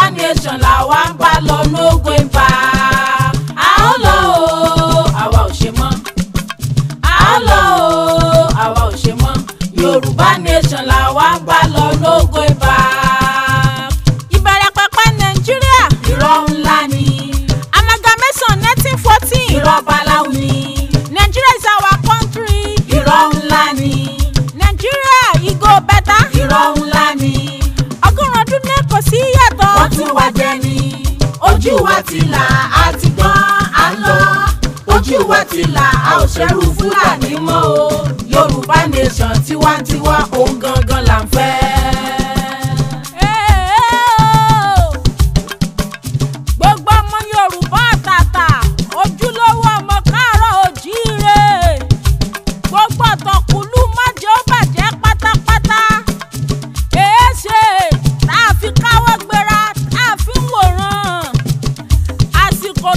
Yorùbá nation làwa ń bá lọ no going back. a ó lọ o àwa ò ṣe mọ́ a ó lọ o àwa ò ṣe mọ́ Yorùbá nation làwa. ojú wa ti là á ti gbọ́n á lọ ojú wa ti là á ò ṣẹ́rù fúlàní mọ́ o yorùbá nation tiwantiwa òun gan.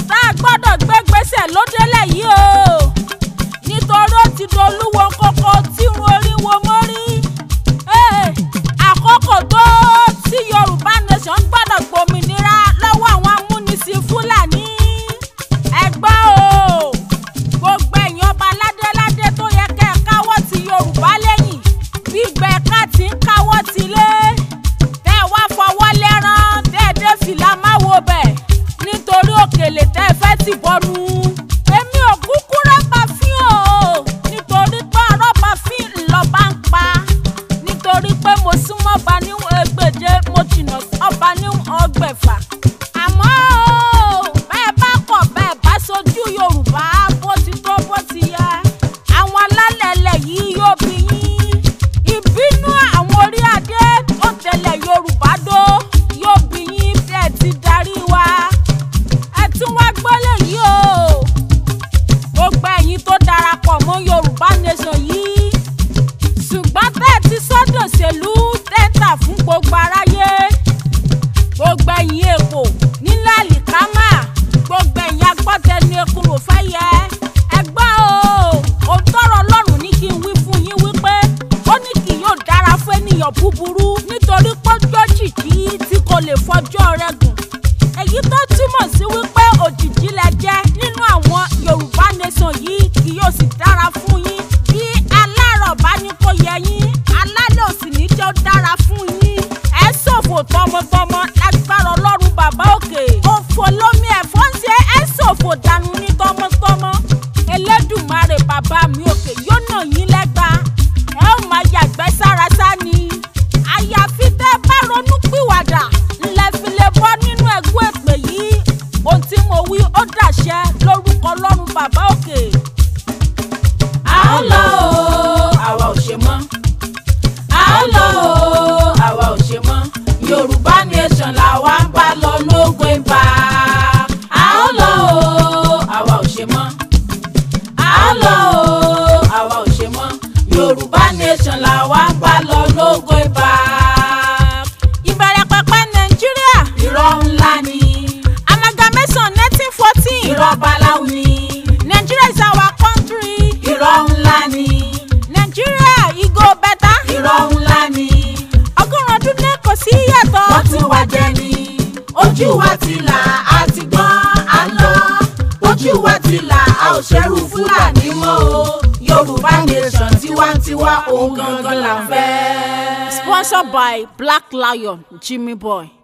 tá a gbọ́dọ̀ gbégbèsè lódélẹ̀ yìí o nítorí ó ti dolúwo kókó tí ń ro ojú ẹ̀gún èpè yìí ohun tí mo wí ó dàṣẹ lórúkọ ọlọ́run bàbá òkè. a ó lọ o àwa ò ṣe mọ́ a ó lọ o àwa ò ṣe mọ́ yorùbá nation làwa ń bá lọ lógo ibà. a ó lọ o àwa ò ṣe mọ́ a ó lọ o àwa ò ṣe mọ́ yorùbá nation làwa ń bá lọ lógo ibà. ojú wa ti là á ti gbọ́n á lọ ojú wa ti là á ò ṣẹ́rù fúlàní mọ́ o yorùbá nation tiwantiwa òun gangan là fẹ́. sponsored by Black Lion Jimmy Boy.